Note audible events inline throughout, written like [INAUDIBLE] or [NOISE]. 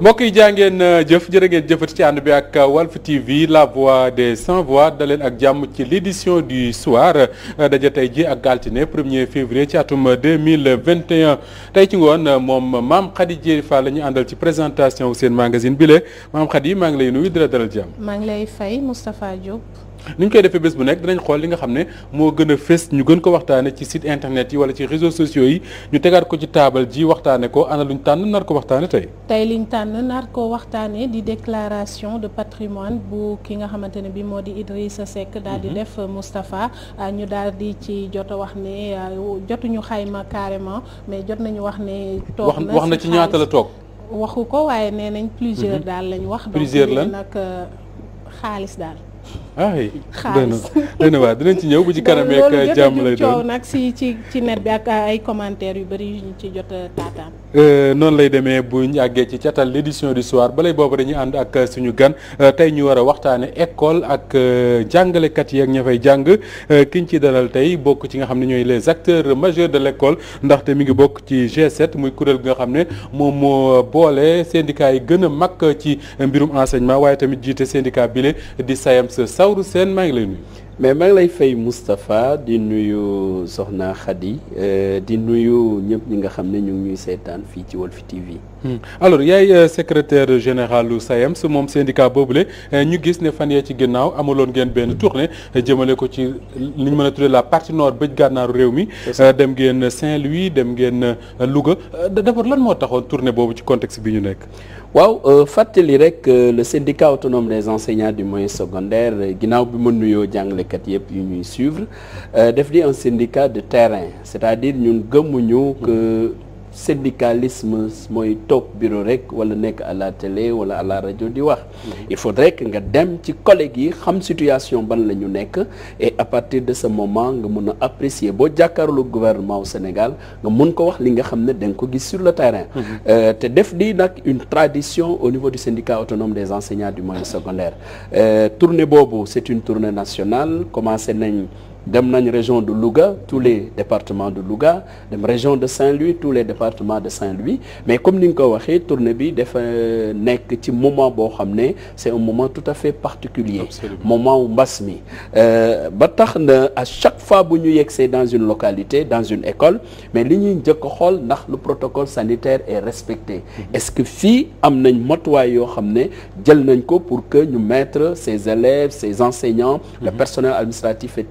mbokk yi jàngeen ngeen euh, jëf jërë ngeen jëfati ci ànd bi ak euh, Walf TV la voix des sans voix daleen ak jàmm ci l' édition du soir euh, daje tey ji ak altine 1er février ci atum 2021 tey ci ngoon moom maam Khady Dieye Fall la ñu àndal ci présentation seen magazine bile maam Khady maa ngi lay nuyu di la dalal jàmm. maa ngi lay fay Moustapha Diop. ni ñu koy defee bés bu nekk dinañ xool li nga xam ne moo gën a fës ñu gën ko waxtaane ci site internet yi wala ci réseaux sociaux yi ñu tegaat ko ci taabal ji waxtaane ko ana luñ tànn nar ko waxtaane tey tey liñ tànn nar ko waxtaane di déclaration de patrimoine bu ki nga xamante ne bi moo di sa Seck daal di mhm. def Moustapha ah, ñu daal di ci jot a wax ne ah, jotuñu xayma carrément mais jot nañu wax ne toog na wax na ci ñaata la toog waxu ko waaye nee nañ plusieurs mhm. daal lañ wax donc plusieurs lan nag euh, xaalis daal ay ah, xaalis doy na waa dinañ ci ñëw bu ci kanam ak jàmm lay doon coow nag si ci ci net bi ak yu bëri ñu ci jot a euh, noonu lay demee buñ àggee ci catal l'édition du soir balay boobu dañuy ànd ak suñu gan euh, tey ñu war a waxtaane école ak euh, jàngalekat yi ak ña fay jàng kiñ ci dalal tey bokk ci nga xam ne ñooy les acteurs majeurs de l'école ndaxte mi ngi bokk ci G7 muy kuréel gi nga xam ne moom moo boole syndicat yi gën a mag ci mbirum enseignement waaye tamit jiite syndicat bile di SAEMS Daourou Sène maa lay nuyu. mais maa lay fay Moustapha di nuyu Soxna Khady euh, di nuyu ñëpp ñi nga xam ne ñu ngi ñuy seetaan fii ci Walf TV. Hmm. alors yaay euh, secrétaire généralu SAEMS moom boobu boobule euh, ñu gis ne fan yee ci ginnaaw amaloon ngeen benn tournée jëmale ko ci li ñu mën a tuddee la partie nord bëj gànnaaru réew mi. dem ngeen Saint-Louis dem ngeen Louga d'abord lan moo taxoon tournée boobu ci contexte bi ñu nekk. waaw euh, fàttali rek euh, le syndicat autonome des enseignants du moyen secondaire euh, ginnaaw bi ma nuyoo jàngalekat yëpp yu ñuy suivre def di un syndicat de terrain c'est-à-dire ñun gëmuñu que syndicalisme mooy toog bureau rek wala nekk à la télé wala à la rajo di wax mhm. il faudrait que nga dem ci collègues yi xam situation ban la ñu nekk et à partir de ce moment nga mun a apprécier boo jàkkaarloo gouvernement Sénégal nga mun ko wax li nga xam ne da nga ko gis sur le terrain mhm. euh, te def di nag une tradition au niveau du syndicat autonome des enseignants du moyen secondaire euh, tournée boobu c'est une tournée nationale commencé nañ dem nañu région de Louga tous les départements de Louga dem région de Saint-Louis tous les départements de Saint-Louis mais comme ni nga ko waxee tournée bi dafa nekk ci moment boo xam ne c'est un moment tout à fait particulier Absolument. moment wu mbas mi euh, ba tax na à chaque fois bu ñu yegsee dans une localité dans une école mais li ñuy njëkk xool ndax le protocole sanitaire et respecté mm-hmm. est-ce que fii am nañ motuwaay yoo xam ne jël nañ ko pour que ñu mettre ces élèves ces enseignants le mm-hmm. personnel administratif et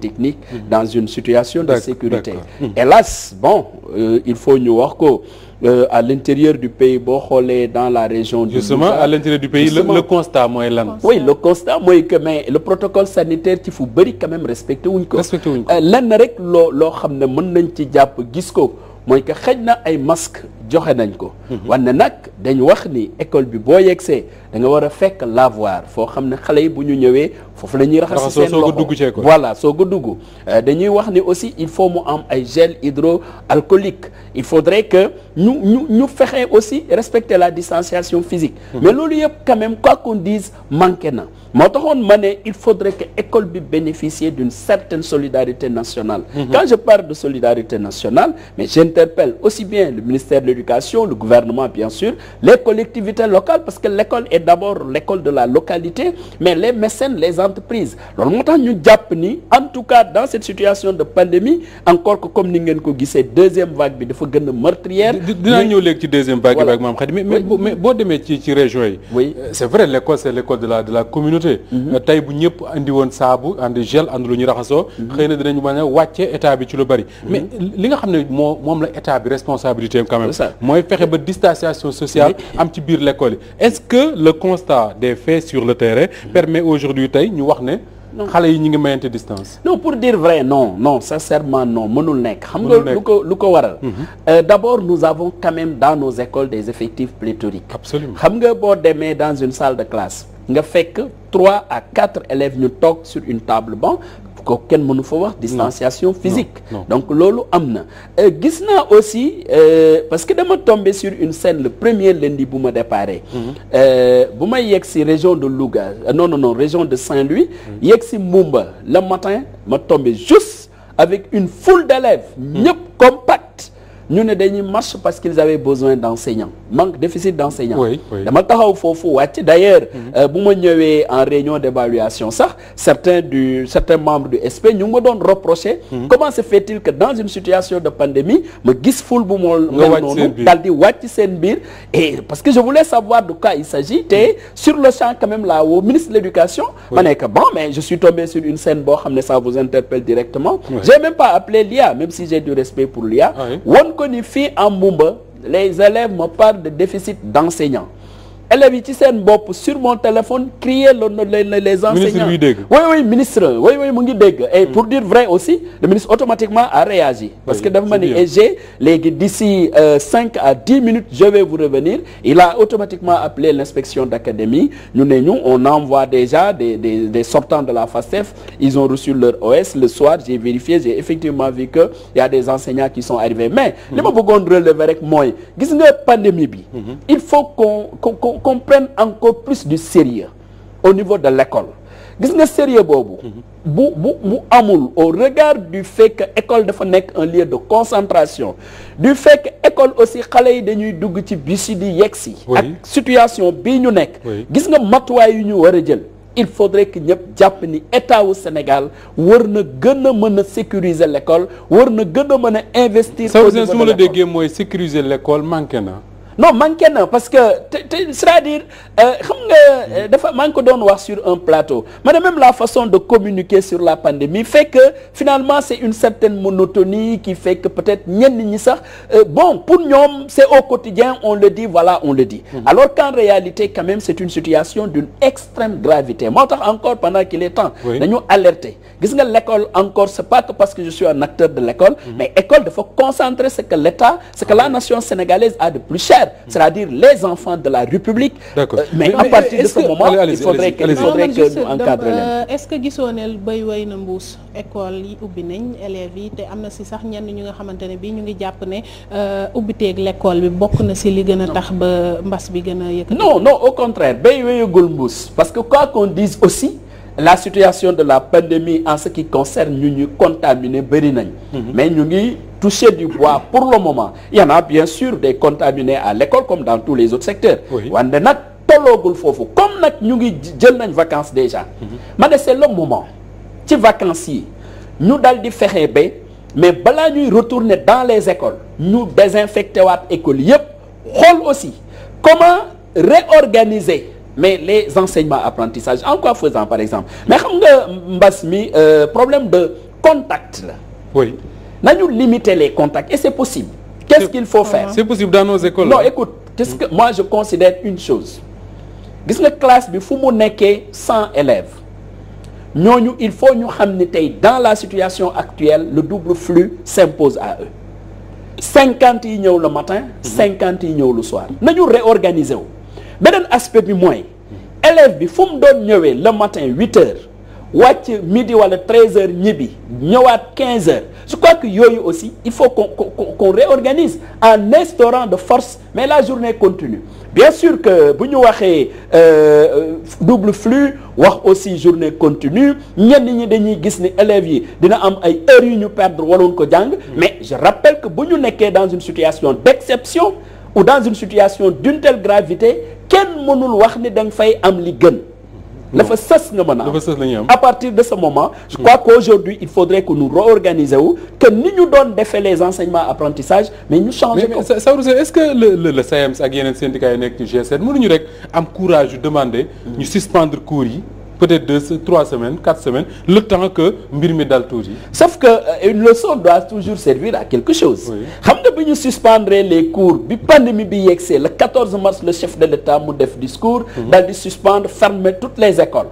dans une situation de sécurité hmm. hélas bon euh, il faut ñu wax ko Euh, à l'intérieur du pays boo xoolee dans la région du Louga justement à l'intérieur du pays le constat mooy lan oui le constat mooy que mais le protocole sanitaire ci fu bëri quand même respecté wuñ ko respecté wuñ ko euh, lenn rek loo loo xam ne mën nañ ci jàpp gis ko mooy que xëj na ay masque joxe nañ ko wanne nag dañ wax ni école bi boo yegsee da nga war a fekk lavoir foo xam ne xale yi bu ñu ñëwee foofu la ñuy raxas seen loxo voilà soo ko dugg euh, dañuy wax ni aussi il faut mu am ay gel hydroalcoolique il faudrait que ñu ñu ñu fexe aussi respecter la distanciation physique mais loolu yëpp quand même quoi qu'on na moo taxoon ma ne il faudrait que école bi bénéficier d'une certaine solidarité nationale mmh. quand je parle de solidarité nationale mais j'interpelle aussi bien le ministère de l'éducation le gouvernement bien sûr les collectivités locales parce que l'école est d'abord l'école de la localité mais les mécènes les entreprises loolu moo tax ñu jàpp ni en tout dans cette situation de pandémie encore que comme ni ngeen ko gisee deuxième vague bi dafa gën a demee ci ci région jotee mhm. tey bu ñëpp andi woon saabu andi gel andi lu ñu raxasoo mhm. xëy na dinañu mën a wàcce état bi ci lu bari mhm. mais li nga xam ne moo moom la état bi responsabilité am quand mooy fexe ba distanciation sociale am ci biir l'école yi est-ce que le constat des faits sur le terrain permet aujourd'hui tey ñu wax ne xale yi ñu ngi mayante distance pour dire vrai non non sincèrement non mënul nekk xam nga lu ko lu ko waral euh, d'abord nous avons quand même dans nos écoles des effectifs pléthoriques absolument xam nga boo demee dans une salle de nga fekk trois à quatre élèves ñu toog sur une table banc ko kenn mënu fa wax distanciation physique non, donc loolu am na euh, gis naa aussi euh, parce que dama tombé sur une scène le premier lundi bu ma déparé mhm. euh, bu ma yegg si région de Louga euh, non non région de Saint-Louis mhm. yegg si Mboumba le matin ma tombé juste avec une foule d'élèves mhm. ñëpp compact ñu ne dañuy marche parce qu'ils avaient besoin d'enseignants manque déficit d'enseignants dama taxaw foofu wàcc d'ailleurs mhm. euh, bu ma ñëwee en réunion d'évaluation sax certains du certains membres du SP ñu ngi ma doon reprocher mhm. comment se fait-il que dans une situation de pandémie ma gis ful bu mool mel noonu daal di wàcc seen biir et parce que je voulais savoir de quoi il s'agit te mhm. sur le champ quand même là au ministre de l'éducation ma ne que bon mais je suis boo xam ne ça vous interpelle directement j'ai même pas appelé l'IA même reconnu fii en Moumba les élèves me parlent de déficit d'enseignants élèves yi ci seen bopp sur mon téléphone crier le les enseignants ministre oui oui ministre oui oui mu ngi dégg. et hmm. pour dire vrai aussi le ministre automatiquement a réagi. parce que dafa ma ni EG léegi d'ici euh, cinq à dix minutes je vais vous revenir il a automatiquement appelé l'inspection d'académie ñu ne ñu on envoie déjà des des des sortants de la FASTEF ils ont reçu leur OS le soir j'ai vérifié j'ai effectivement vu que y a des enseignants qui sont arrivés mais. li ma hmm. bëggoon rek mooy gis nga pandémie bi. Hmm. qu'on prenne encore plus du sérieux au niveau de l'école gis nga sérieux boobu mhm. bu bu bu amul au regard du fait que école dafa nekk un lieu de concentration du fait que école aussi xale yi dañuy dugg ci bis yi di yegsi ak situation bi ñu nekk gis nga matuwaay yu ñu war a jël il faudrait que ñëpp jàpp ni état wu Sénégal war na gën a mën a sécuriser l'école war na gën a mën a investir. au niveau su ma la déggee mooy sécuriser l'école manqué na. non manqué na parce que te te c'est-à-dire euh, xam nga euh, doon wax sur un plateau mais de la façon de communiquer sur la pandémie fait que finalement c'est une certaine monotonie qui fait que peut-être ñenn ñi sax euh, bon pour ñoom c'est au quotidien on le dit voilà on le dit mm-hmm. alors qu'en réalité quand même c'est une situation d'une extrême gravité moo tax encore pendant qu'il est temps dañu alerter gis nga l'école encore c'est pas que parce que je suis un acteur de l'école mm-hmm. ah nation sénégalaise a de faire c'est-à-dire les enfants de la République d'accord euh, mais à partir de ce moment il faudrait que il faudrait que ñu encadre leen euh, est-ce que gisoo ne béy way na mbuus ecole yi ubbi nañ élèves yi te am na si sax ñenn ñu nga xamante ne bii ñu ngi jàpp ne euh, ubbiteeg lekkool bi bokk na si li gën a tax ba mbas bi gën a yëkkati non non au contraire béy wéyagul mbuus parce que quoi qu'on dise aussi la situation de la pandémie en ce qui concerne ñu ñu contaminé bëri nañ mm-hmm. mais ñu ngi toucher du bois pour le moment il y en a bien sûr des contaminés à l'école comme dans tous les autres secteurs wante nag tolloogul foofu comme nag ñu ngi jël nañ vacances déjà mhm. ma ne le moment ci vacances yi ñu dal di fexe ba mais balaa ñuy retourner dans les écoles ñu désinfecté waat école yépp xool aussi comment réorganiser mais les enseignements apprentissage en quoi faisant par exemple mais xam nga mbas mi euh, problème de contact la nañu limiter les contacts et c'est possible qu'est-ce qu'il faut faire c'est possible dans nos écoles non écoute quest que moi je considère une chose gis nga classe bi fu mu nekkee cent élèves ñooñu il faut ñu xam ni tey dans la situation actuelle le double flux s'impose à eux cinquante yi ñëw le matin mhm. cinquante yi ñëw le soir nañu réorganiser wu beneen aspect bi mooy élève bi fu mu doon ñëwee le matin huit heures wàcc midi wala 13 heures ñibbi ñëwaat quinze h je crois que yooyu aussi il faut qu'on qu'on qu'on réorganise en instaurant de force mais la journée continue bien sur que bu ñu waxee euh, double flux wax aussi journée continue ñenn ñi dañuy gis ni élèves yi dina am ay heures yu ñu perdre waroon ko jàng mais je rappelle que bu ñu nekkee dans une situation d'exception ou dans une situation d'une telle gravité kenn mënul wax ni da nga fay am li gën la fa sës nga mën a am à partir de ce moment je crois mm. qu'aujourd'hui il faudrait que nous réorganiser wu que ni ñu doon defee les enseignements apprentissage mais ñu changer ko Saourou Sène est-ce que le le, le SAEMS e ak yeneen syndicats yi nekk ci G7 rek am courage yu demander mm. ñu suspendre cours yi peut-être deux trois semaines quatre semaines le temps que mbir mi dal tuuti. sauf que une euh, leçon doit toujours servir à quelque chose. xam nga bi ñu suspendre les cours bi pandémie bi yegsee le 14 mars le chef de l'État mu def discours. Mhm. dal di suspendre fermer toutes les écoles.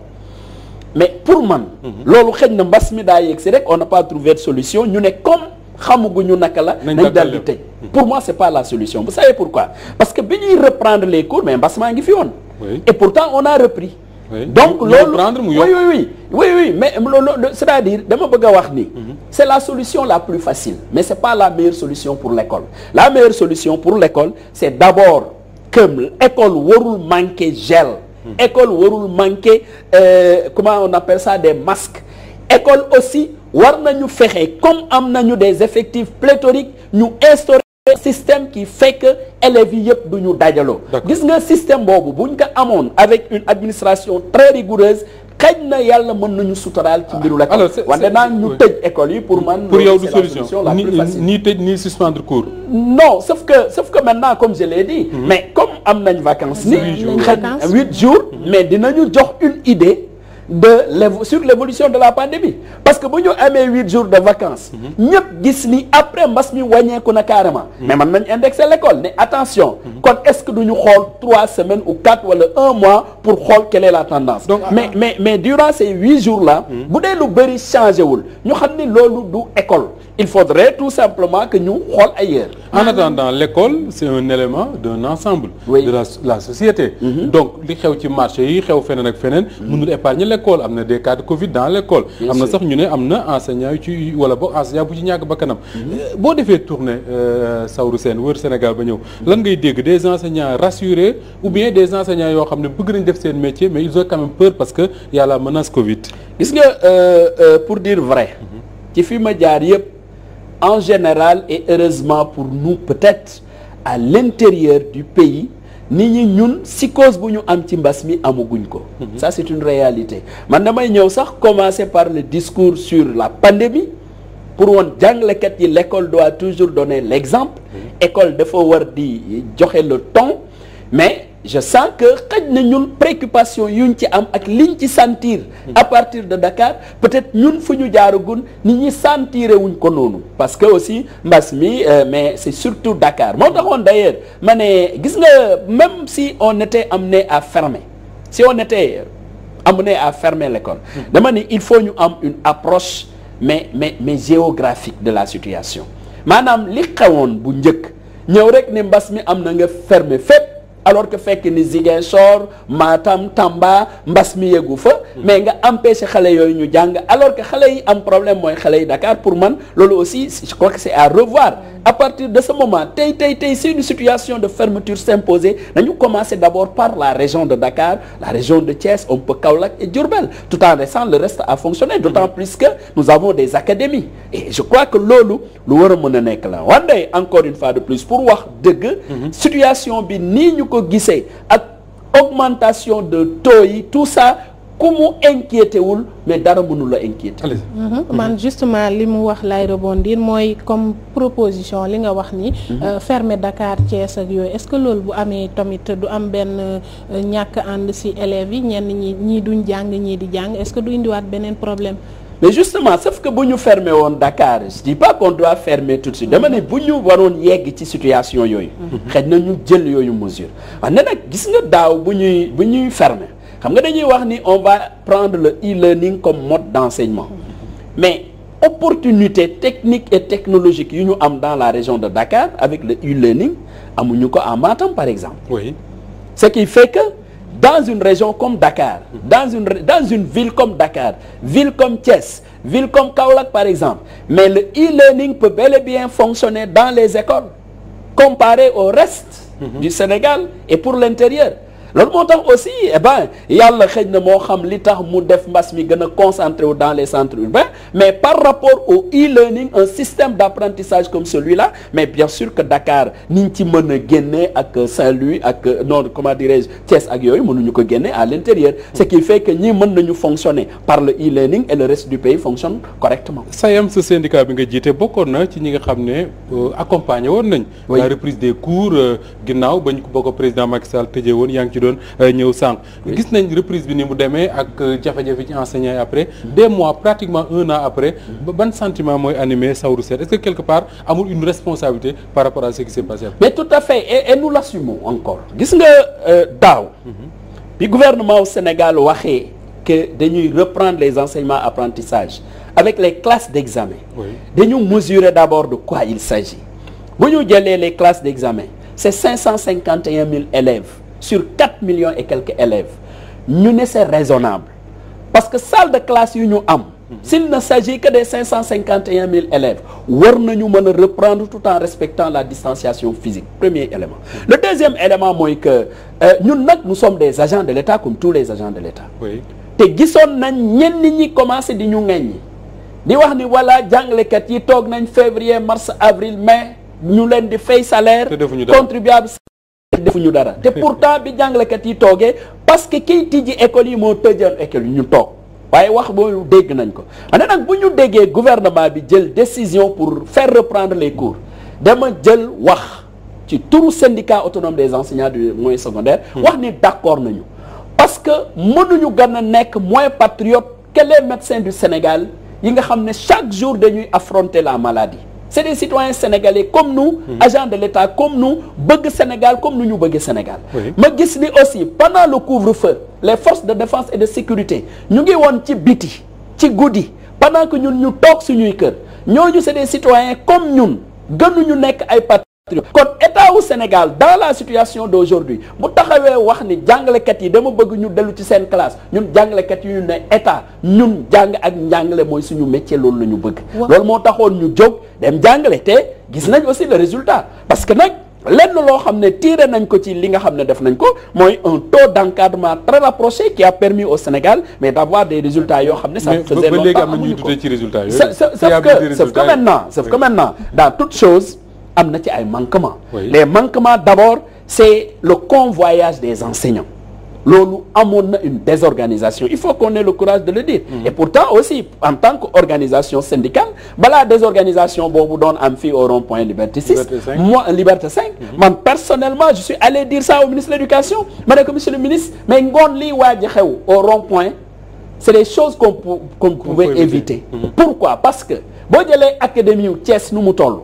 mais pour man. Mhm. loolu xëy na mbas mi daa yegsee rek on n'a pas trouvé de solution ñu ne comme xamaguñu naka la. nañ dal di tey pour moi c'est pas la solution vous savez pourquoi parce que bi ñuy reprendre les ngi fi woon. et donc loolu oui oui oui oui oui mais loolu c'est-à-dire dama bëgg a wax ni mhm. c'est la solution la plus facile mais c'est pas la meilleure solution pour l'école la meilleure solution pour l'école c'est d'abord que l'école warul manquer gel mhm. école warul manquer euh, comment on appelle ça des masques école aussi war nañu fexe comme am nañu des effectifs pléthoriques ñu système qui fait que élèves yi yëpp du ñu dajaloo gis nga système boobu buñ ko amoon avec une administration très rigoureuse xëy na yàlla mën nañu suturaal ci mbiru ah. la wante naan ñu tëj école yi pour man yow du solution la plus facile ni tëj ni suspendre cours non sauf que sauf que maintenant comme je l'ai mhm. mais comme am nañ vacances ni xëy huit jours mhm. mais dinañu jox une idée de sur l'évolution de la pandémie parce que bu ñu amee huit jours de vacances mhm. ñëpp gis ni après mbas mi wàññeeku na carrément mhm. mais man nañ indexé l'école ne attention mhm. kon est-ce que ñu xool trois semaines ou quatre wala un mois pour xool quelle est la tendance Donc, mais mais mais durant ces huit jours là bu dee lu bëri changé wul ñu xam ni loolu du école il faudrait tout simplement que ñu xool ailleurs en attendant l'école c'est un élément d'un ensemble oui. de la, la ci marché yi xew feneen ak feneen l'école am na des cas de Covid dans l'école am na sax ñu ne am na enseignant yu ci wala boog enseignant bu ci ñàkk bakkanam mhm. boo defee tournée euh, Saourou Sène wër Sénégal ba ñëw mhm. lan ngay dégg des enseignants rassurés ou bien des enseignants yoo xam ne bëgg nañ def seen métier mais ils ont quand même peur parce que y a Covid gis nga euh, euh, pour dire vrai mhm. ci fi ma jaar yëpp en général et heureusement pour nous peut-être à l'intérieur du pays nit ñi ñun psychose bu ñu am ci mbas mi amaguñ ko. Mhm. ça c'est une réalité man damay ñëw sax commencer par le discours sur la pandémie pour woon jàngalekat yi l'école doit toujours donner l'exemple. Mhm. École dafa war di joxe le ton mais. je sens que xaj na ñun yu ñu ci am ak liñ ci sentir a partir de Dakar peut-être ñun fu ñu jaaragun ni ñi sentir wuñ ko noonu parce que aussi mbas mi euh, mais c'est surtout Dakar moo taxoon d'ailleurs ma ne gis nga même si on am ne à fermer si on am ne à fermer l'école dama ne il faut ñu am une approche mais mais mais géographique de la situation maanaam li xewoon bu njëkk ñëw rek ne mbas mi am na nga fermer fépp alors que fekk ni Ziguinchor Matam Tamba mbas mi yeggu fo mais nga empêcher xale yooyu ñu jàng alors que xale yi am problème mooy xale yi Dakar pour man loolu aussi je crois que c'est à revoir à partir de ce moment tey tey tey c'est une situation de fermeture s'imposer nañu commencer d'abord par la région de Dakar la région de Thiès un peu Kaolack et Diourbel tout en laissant le reste à fonctionner d'autant plus que nous avons des académies et je crois que loolu lu war a mën a nekk la wan day encore une fois de plus pour wax dëgg mhm. situation bi nii ñu ko gisee ak augmentation de taux yi tout ça ku mu inquiété wul mais dara mënul la inquiété. Mhm. Mhm. man justement li mu wax lay rebondir mooy comme proposition li nga wax ni. Mhm. Euh, fermer Dakar Thiès ak yooyu est-ce que loolu bu amee tamit du am benn euh, ñàkk ànd si élèves yi ñenn ñi ñii duñ jàng ñii di jàng est-ce que du indiwaat beneen problème. mais justement sauf que bu ñu ferme woon Dakar je dis pas qu'on doit fermer tout de dama ne bu ñu waroon yegg ci situation yooyu. xëy na ñu jël yooyu mesure. wax ah, ne nag gis nga daaw bu ñuy xam nga dañuy wax ni on va prendre le e-learning comme mode d'enseignement mais opportunité technique et technologique yu ñu am dans la région de Dakar avec le e-learning amuñu ko en Matam par exemple oui ce qui fait que dans une région comme Dakar mm-hmm. dans une dans une ville comme Dakar ville comme Thiès ville comme Kaolack par exemple mais le e-learning peut bel et bien fonctionner dans les écoles comparé au reste mm-hmm. du Sénégal et pour l'intérieur loolu moo tax aussi eh yàlla xëj na moo xam li tax mu def mbas mi gën a concentré wu dans les centres urbains mais par rapport au e-learning un système d'apprentissage comme celui-là mais bien sûr que Dakar niñ ci mën a génne ak Saint-Louis ak euh, non comment dirais-je Thiès ak yooyu mënuñu ko génne à l'intérieur ce qui fait que ñi mën nañu fonctionner par le e-learning et le reste du pays fonctionne correctement SAEM sa syndicat bi nga jiite bokkoon na ci ñi nga xam ne euh, accompagné woon nañ la reprise des cours euh, ginnaaw bañ ko boo ko président Macky Sall doon euh, ñëw sànq gis nañ reprise bi ni mu demee ak euh, jafe-jafe ci enseignants yi après mm-hmm. des mois pratiquement un an après mm-hmm. ban sentiment mooy animé Saourou Sène est-ce que quelque part amul une responsabilité par rapport à ce qui s'est passé mais tout à fait et, nous l'assumons encore gis nga euh, daaw mm-hmm. bi gouvernement au Sénégal waxee que dañuy reprendre les enseignements apprentissage avec les classes d'examen dañu mesurer d'abord de quoi il s'agit bu ñu jëlee les classes d'examen c'est cinq cent cinquante et mille élèves sur 4 millions et quelques élèves ñu ne c'est raisonnable parce que salle de classe yu ñu am s'il ne s'agit que des 551 000 élèves war nañu mën a reprendre tout en respectant la distanciation physique premier élément le deuxième élément mooy que euh, ñun nag nous sommes des agents de l'État comme tous les agents de l'État oui te gisoon nañ ñenn ñi commencé di ñu ŋaññi di wax ni voilà jàngalekat yi toog nañ février mars avril mai ñu leen di fay salaire contribuable te defuñu dara te pourtant bi jàngalekat yi toogee parce que kiy tijji école yi moo tëjoon école yi ñu toog waaye wax boobu dégg nañ ko ane nag bu ñu déggee gouvernement bi jël décision pour faire reprendre les cours dama jël wax ci turu syndicat autonome des enseignants du moyen secondaire hmm. wax ni d'accord nañu parce que mënuñu gën a nekk moins patriote que les médecins du Sénégal yi nga xam ne chaque jour dañuy affronter la maladie c'est des citoyens sénégalais comme nous hmm. agents de l'État comme nous bëgg Sénégal comme nu ñu bëgg Sénégal ma gis ni aussi pendant le couvre-feu les forces de défense et de sécurité ñu ngi woon ci biti ci guddi pendant que ñun ñu toog suñuy kër ñooñu c'est des citoyens comme ñun ñu nekk ay parti kon état wu Sénégal dans la situation de d'aujourd'hui bu taxawee wax ni jàngalekat yi dama bëgg ñu dellu ci seen classe ñun jàngalekat yi ñu ne état ñun jàng ak njàngale mooy suñu métier loolu la ñu bëgg. loolu moo taxoon ñu jóg dem jàngale te gis nañ aussi le résultat parce que nag lenn loo xam ne tiré nañ ko ci li nga xam ne def nañ ko mooy un taux d'encadrement très rapproché qui a permis au Sénégal mais d'avoir des résultats yoo xam ne. ça faisait longtemps amuñu ko mais am na ci ay manquements. les manquements d' abord c' le convoyage des enseignants. loolu amoon na une désorganisation il faut qu'on ait le courage de le dire mmh. et pourtant aussi en tant qu'organisation syndicale balaa désorganisation boobu doon am fii au rond-point liberté 6 moi liberté 5 mmh. man personnellement je suis allé dire ça au ministre de monsieur le ministre mais ngoon lii waaj a xew au rond-point c'est des choses qu'on qu'on pouvait éviter mm-hmm. pourquoi parce que boo jëlee académie wu Thiès nu mu toll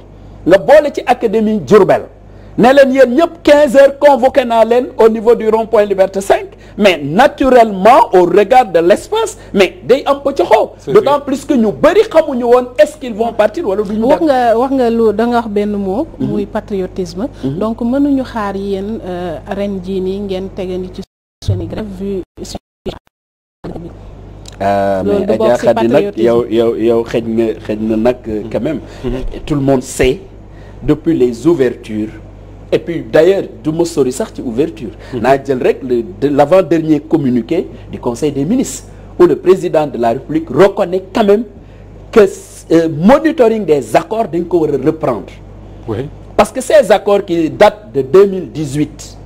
nga boole ci académie Diourbel ne leen yéen ñëpp 15 heures convoqué naa leen au niveau du rond-point Liberté 5 mais naturellement au regard de l'espace mais day am pëcc xaw. d'autant plus que ñu bëri xamuñu woon est-ce qu'ils vont partir wala duñu. wax nga wax nga lu danga wax benn moo mhm. muy patriotisme. Mhm. donc mënuñu xaar yéen euh, ren jii nii ngeen tegandi ci suñu grève vu. Euh, loolu du bokk nag yow yow yow xëj na xëj nag mhm. quand même. tout le monde sait. depuis les ouvertures et puis d'ailleurs du ma sori sax ci ouverture hmm. naa jël rek le de l'avant-dernier communiqué du conseil des ministres où le président de la république reconnaît quand même que euh, monitoring des accords dañ ko war a reprendre oui. parce que ces accords qui datent de 2018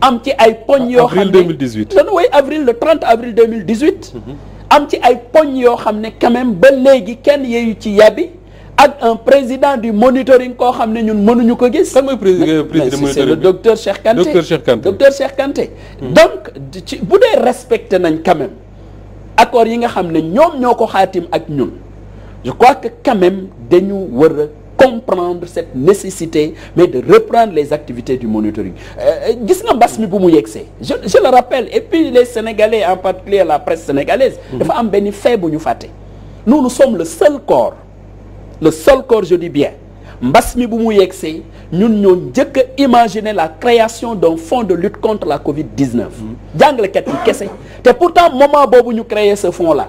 am ci ay poñ yoo xam ne avril 2018 non oui avril le 30 avril 2018 mhm. am ci ay poñ yoo xam ne quand même ba léegi kenn yeeyu ci yàbbi ak un président du monitoring koo xam ne ñun mënuñu ko gis. kan mooy euh, président président monitoring c'est le docteur Cheikh Kanté docteur Cheikh Kanté docteur Cheikh Kanté. Hmm. donc bu dee respecté nañ quand même yi nga xam ne ñoom ñoo ko xaatim ak ñun je crois que quand même dañu war a comprendre cette nécessité mais de reprendre les activités du monitoring euh, euh, gis nga mbas mi bu mu yegsee je le rappelle et puis les sénégalais en particulier la presse sénégalaise. Hmm. dafa am benn fait bu ñu fàtte. nous nous sommes le la sol corps je dis bien mbas mi bu mu yegsee ñun ñoo njëkk imagine la création d'un fonds de lutte contre la Covid 19. jàngalekat yi kese te pourtant moment boobu ñu créer sa fonds la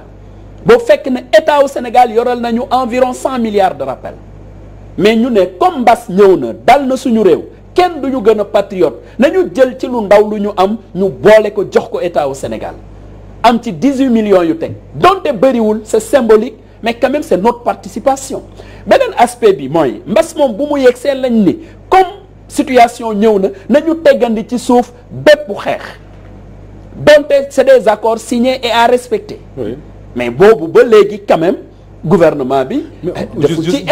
boo fekk ne état au Sénégal yoral nañu environ cent milliards de rappel mais ñu ne comme mbas ñëw na dal na suñu réew kenn du ñu gën a patriote nañu jël ci lu ndaw lu ñu am ñu boole ko jox ko état au Sénégal am ci dix millions yu teg donte bëriwul sa symbolique. mais quand même c'est notre participation beneen aspect bi mooy mbas moom bu mu yegg seen lañ ni comme situation ñëw na nañu teggandi ci suuf bépp xeex donte c'est des accords signés et à respecté mais boobu ba léegi quand gouvernement bi. Eh, defu ci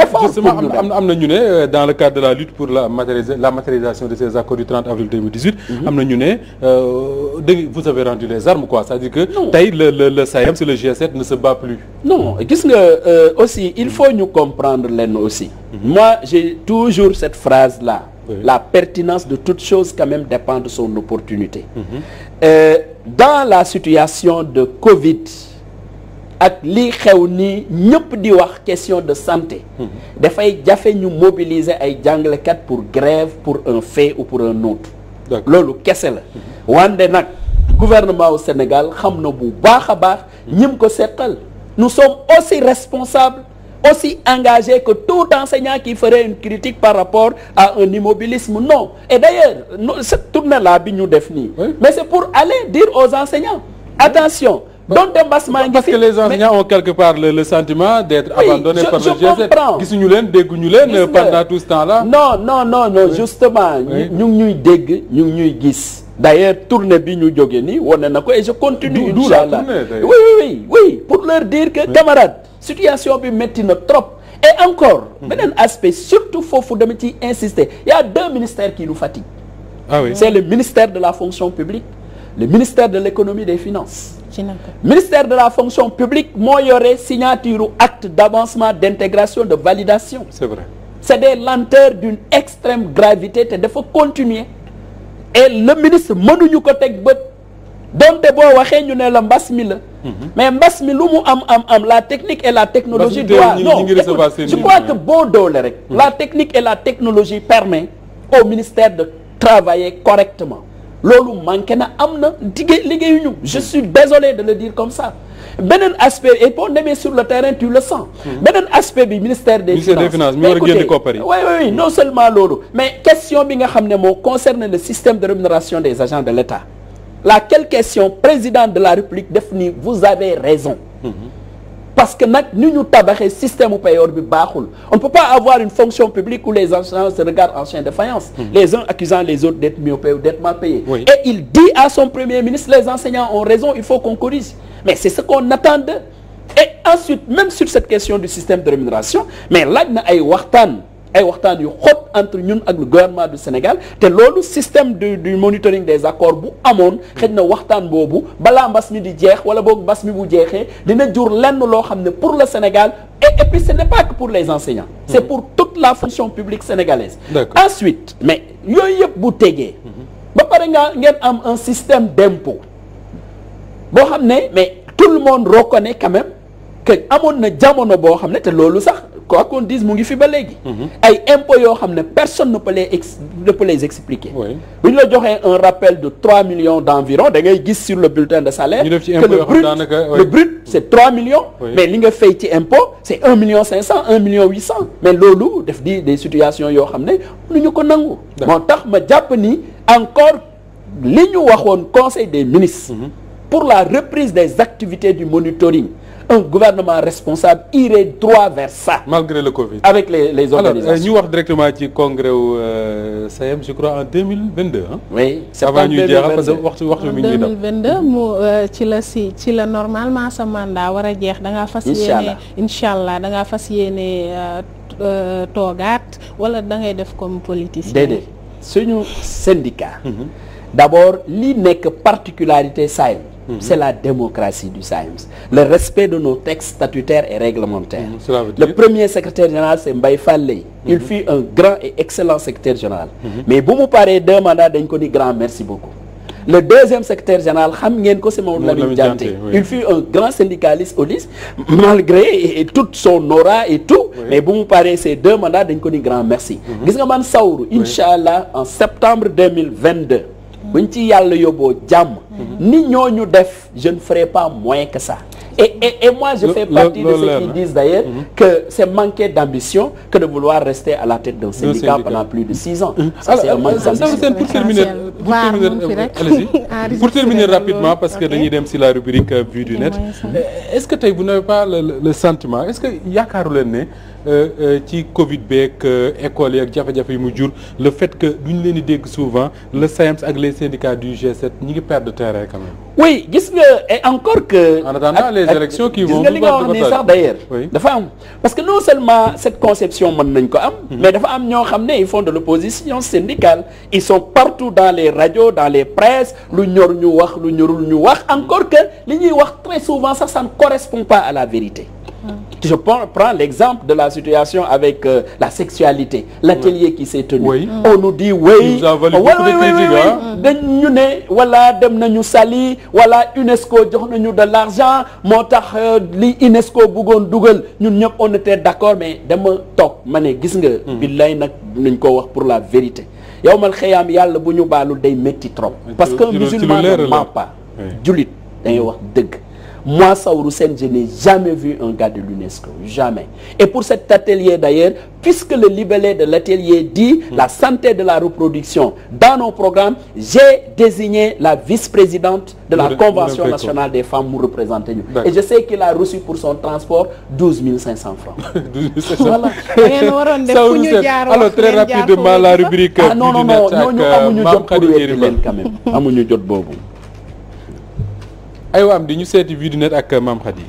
am am na ñu ne euh, dans le cadre de la lutte pour la matérialisation la matérialisation de ces accords du avril mhm. am na ñu ne euh, dégg vous avez rendu les armes quoi cest à le G7 ne se bat plus. non gis nga euh, aussi il faut ñu comprendre leen aussi. Mhm. moi j'ai toujours cette phrase là. la pertinence de toute chose quand même dépend de son opportunité. Mhm. dans la situation de Covid. ak li xew nii ñëpp di wax question de santé hmm. dafay jafe ñu mobiliser ay jàngalekat pour grève pour un fait ou pour un autre loolu kese la hmm. wande nag gouvernement au Sénégal xam na bu baax a baax hmm. ñim ko seqal nous sommes aussi responsables aussi engagés que tout enseignant qui ferait une critique par rapport à un immobilisme non et d'ailleurs cette tournée bi ñu def nii mais c'est pour aller dire aux enseignants attention donc démbassement ngi parce que les enseignants ont quelque part le, sentiment d'être je, par je le G7 gisuñu leen dégguñu leen pendant tout ce temps là non non non non oui. justement ñu ngi ñuy dégg ñu ngi ñuy gis d'ailleurs tournée bi ñu jóge nii wane na ko et je continue inchallah oui oui oui pour leur dire que camarades situation bi métti na trop et encore mhm. beneen aspect surtout foofu dama ciy insister il y a deux ministères qui nous fatiguent ah c'est le ministère de la fonction le ministère de l'économie des finances ministère de la fonction publique moo yore signature acte d'avancement d'intégration de validation c'est vrai c'est des lenteurs d'une extrême gravité te dafa continuer et le ministre mënuñu ko teg bët donte boo waxee ñu ne la mbas mi la mhm. mais mbas mi lu mu am am am la technique et la technologie doit non je crois que boo doole rek mhm. la technique et la technologie permet au ministère de travailler correctement loolu manqué na am na liggéey liggéeyuñu je hmm. suis désolé de le dire comme ça beneen aspect et boo demee sur le terrain tu le sens. Hmm. beneen aspect bi ministère des finances mi war a génn non seulement loolu mais question bi nga xam ne moo concerne le système de rémunération des agents de l'État laquelle question président de la République def ni vous avez raison. Mm parce que nag ni ñu tabaxee système payor bi baaxul on ne peut pas avoir une fonction publique où les gens se regardent en chien de faïence mmh. les uns accusant les autres d'être mieux payés ou d'être mal payés oui. et il dit à son premier ministre les enseignants ont raison il faut qu'on corrige mais c'est ce qu'on attend d'eux et ensuite même sur cette question du système de rémunération mais laaj na ay waxtaan ay waxtaan yu xóot entre ñun ak lu gouvernement du Sénégal te loolu système du du monitoring des accords bu amoon xëj na waxtaan boobu balaa mbas mi di jeex wala boobu mbas mi bu jeexee dina jur lenn loo xam ne pour le Sénégal et et puis ce pour les enseignants. Hmm. c'est pour toute la fonction publique sénégalaise. D'accord. ensuite mais yooyu yëpp bu tegee. Hmm. ba pare nga ngeen am un système d'impôt boo xam ne mais tout le monde reconnaît quand même que amoon na jamono boo xam ne te loolu sax. quoi kon dise mu ngi fi ba léegi. Mhm. ay impôts yoo xam ne personne ne peut les ex ne peut les expliquer. bu ñu la joxee un rappel de 3 millions d' environ da ngay gis sur le bulletin de salaire. ñu def ci impôt yoo xam daanaka que le brut le brut c' est millions. mais li nga fay ci impôt c' est 1 million 500 1 million 800. mais loolu def di des situations yoo xam ne ñu ko nangu. moo tax ma jàpp ni encore li ñu waxoon conseil des ministres. Mhm. pour la reprise des activités du monitoring. un gouvernement responsable irait droit vers ça. malgré le Covid. avec les les euh, organisations. ñu wax directement ci congrès wu euh, SAEM je crois en deux mille vingt deux oui avant ñuy jeexal parce que waxtu waxtu mi ngi. deux mille vingt deux mu euh, ci la si ci la normalement sa mandat war a jeex da ngaa fas yéene incha allah da ngaa fas yéene toogaat wala dangay def comme politicien. déedéet suñu syndicat. Mhm. d' li nekk particularité SAEM. Mmh. C'est la démocratie du SAEMS. Le respect de nos textes statutaires et réglementaires. Mhm, le premier secretaire général, c'est Mbaye Faye. Il mhm. fut un grand et excellent secrétaire général. Mhm. Mais bu mu deux mandats dañ ko ni grand merci beaucoup. le deuxième secrétaire général xam ngeen ko c'est Mamadou Lamine Dianté il fut un grand syndicaliste au lycée malgré tout mu paree ces deux mandats dañ ko ni grand merci gis nga man sawru incha allah en septembre 2022 buñ ci yàlla yóbboo jàmm ni ñooñu def je ne ferai pas moins que ça et et et moi je fais partie de ceux qui disent d'ailleurs mm-hmm. que c'est manquer d'ambition que de vouloir rester à la tête d'un syndicat pendant plus de six ans c'est un manque pour terminer ah, rapidement parce que dañuy dem si la rubrique euh, vue du net euh, est-ce que tey vous n'avez pas le sentiment est-ce que yaakaaru leen Euh, euh, ci Covid beeg euh, école yeeg jafe-jafe yi mu jur le fait que duñ leen di dégg souvent le SAEMS ak les syndicats du G7 ngi per de terrain quand oui gis nga et encore que. en attendant les élections qui vont gis nga li nga wax dafa am parce que non seulement cette conception mën nañ ko am. Mhm. mais dafa am ñoo xam ne ils font de l'opposition syndicale ils sont partout dans les radios dans les presses lu ñor ñu wax lu ñorul ñu wax encore que li ñuy wax très souvent sax ça ne correspond à la vérité. je prends l'exemple de la situation avec euh, la sexualité l'atelier oui. qui s'est tenu oui. on nous dit oui dañ ñu ne wala dem nañu sali wala UNESCO jox nañu de l'argent moo tax euh, li UNESCO bëggoon dugal ñun ñëpp on était d'accord mais dama toog ma ne gis nga hmm. billaay nag nañ ko wax pour la vérité yow mal xëyaam yàlla bu ñu balu day métti trop parce que musulman ne ment pas jullit dangay wax dëgg Moi, Saourou Sen, je n'ai jamais vu un gars de l'UNESCO. Jamais. Et pour cet atelier d'ailleurs, puisque le libellé de l'atelier dit mm. la santé de la reproduction dans nos programmes, j'ai désigné la vice-présidente de la Convention nationale des femmes pour représenter nous. Et je sais qu'il a reçu pour son transport 12 500 francs. 12 [LAUGHS] 500 voilà. [LAUGHS] alors très rapidement la rubrique. ah non non non ñooñu amuñu euh, jot pour wetti leen quand même amuñu jot boobu. aywa am di ñu seeti Vidinette ak Mame Khady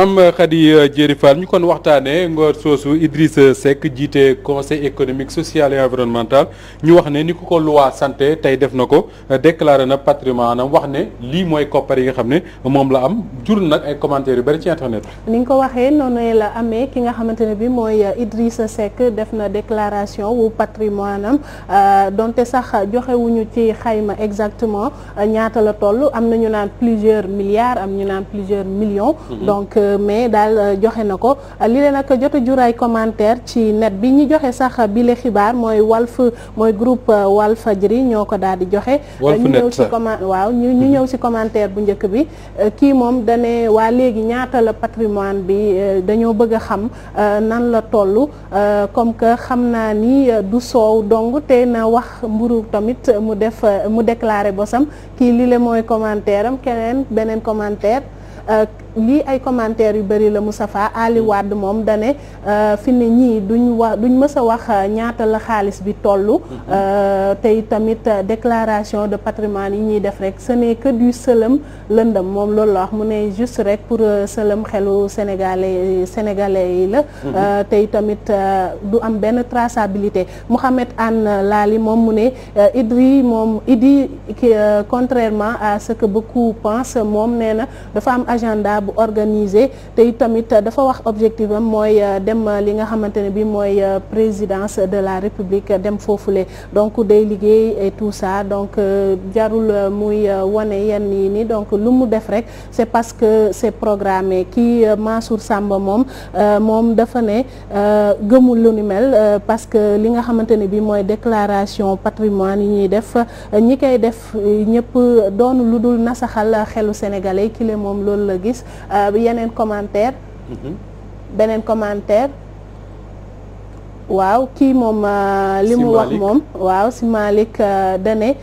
Mame Khady euh, Diéry Fall ñu kon waxtaanee ngoor soosu Idrissa Seck jiite conseil économique social et environnemental ñu wax ne ni ku ko loi santé tey def na ko euh, déclaré na patrimoine am wax ne lii mooy koppar yi nga xam ne moom la am jur nag ay commentaires yu bari ci internet ni nga ko waxee noonu la amee ki nga xamante ne bi mooy euh, Idrissa Seck def na déclaration wu patrimoine am donte sax joxewuñu ci xayma exactement ñaata la toll am na ñu naan plusieurs milliards am ñu naan mais daal euh, joxe na ko li leen ak jot a juraay commentaire ci net bi ñu joxe sax bile xibaar mooy Walf mooy groupe euh, Walfadjri ñoo ko daal di joxe. ñu waaw ñu ñu mhm. ñëw ci commentaire bu njëkk bi euh, kii moom dane waa léegi ñaata la patrimoine bi dañoo bëgg a xam nan la toll comme que xam naa ni du soow dong te na wax mburu tamit mu def mu déclaré bosam kii lii la mooy commentaire am keneen beneen commentaire lii ay commentaires yu bëri la Moustapha Ali Wade moom dane euh, fi ne ñii duñ wax duñ mës a wax euh, ñaata la xaalis bi tollu mm-hmm. euh, tey tamit déclaration de patrimoine yi ñuy def rek ce n'est que du sëlëm lëndëm moom loolu la wax mu ne juste rek pour sëlëm xelu sénégalais sénégalais yi la mm-hmm. tey tamit du am benn trasabilité Mouhamed Anne Lali moom mu ne Idri moom Idi contrairement à ce que beaucoup pensent moom nee dafa am agenda bu organisé te tamit dafa wax objectif am mooy euh, dem euh, li nga xamante ne bi mooy euh, présidence de la république dem foofule donc day liggéey et tout ça donc jarul muy wane yenn yi nii donc lu mu def rek c'est parce que c'est programme kii Mansour Samba moom moom dafa ne gëmul lu ni mel parce que li nga xamante ne bi mooy déclaration patrimoine yi ñuy def ñi koy def ñëpp doon lu dul nasaxal xelu sénégalais kile moom loolu la gis Euh, yeneen commentaire mhm. beneen commentaire waaw kii moom euh, li mu wax moom waaw si Malick euh, dane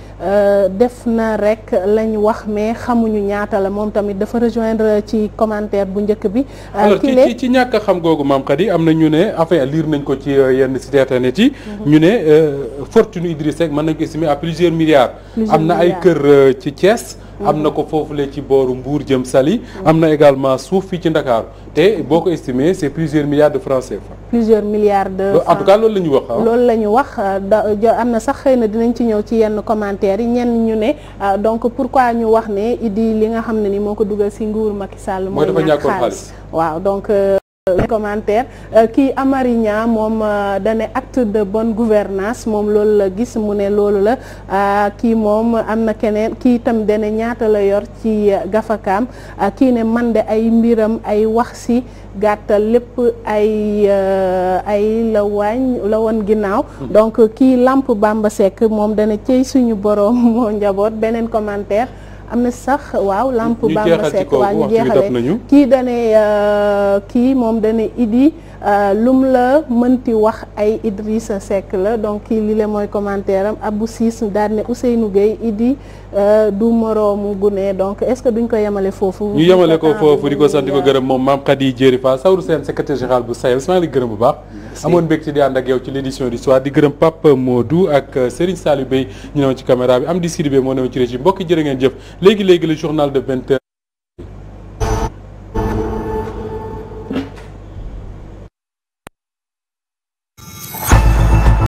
def na rek lañ wax mais xamuñu ñaata la moom tamit dafa rejoindre ci commentaire bu njëkk bi alors ci ñàkk xam googu maam Khady am na ñu ne enfin liir nañ ko ci yenn site internet yi mhm. ñu ne fortune Idriss rek mën nañ ko estimer à plusieurs milliards am na ay kër ci Thiès am na ko foofule ci booru Mbour jëm Saly am na également suuf fii ci Ndakaaru te boo ko estimé c'est plusieurs milliards de francs CFA plusieurs milliards de en loolu la ñu wax ah. loolu la ñu wax euh, da am na sax xëy na dinañ ci ñëw ci yenn commentaires yi ñenn ñu ne euh, donc pourquoi ñu wax ne Idi li nga xam ne nii moo ko dugal si nguur Macky Sall mooy dafa ñàkkoon xaalis waaw donc euh, commentaire euh, kii Amariña moom euh, dane acte de bonne gouvernance moom loolu la gis mu ne loolu la euh, kii moom am na keneen kii itam dane ñaata la yor ci gafakaam kii ne man de ay mbiram ay wax si gàttal lépp ay ay la ginnaaw mm-hmm. donc kii làmp Bamba Seck moom dane cey suñu boroom [LAUGHS] moo njaboot beneen commentaire am na sax waaw làmp lamp bamba seek waaw ñu jeexale kii dane euh, kii moom dane idi euh, lum la mënti wax ay Idrissa Seck la donc kii lii la mooy commentaire am Abou Ciss daal ne Ousseynou Gueye idi euh, du moroomu gune donc est-ce que duñ ko yemale foofu ñu yemale ko foofu di ko sant ko gërëm moom maam Khady Diéry Fall Sawru seen secrétaire général bu SAEMS maa ngi lay gërëm bu baax amoon mbégte di ànd ak yow ci l' édition du soir di gërëm Pape Modou ak euh, Serigne Saliou Bey ñu newoon ci caméra bi am di Sidibé moo newoon ci régie mbokki jërë ngeen jëf léegi-léegi le journal de 20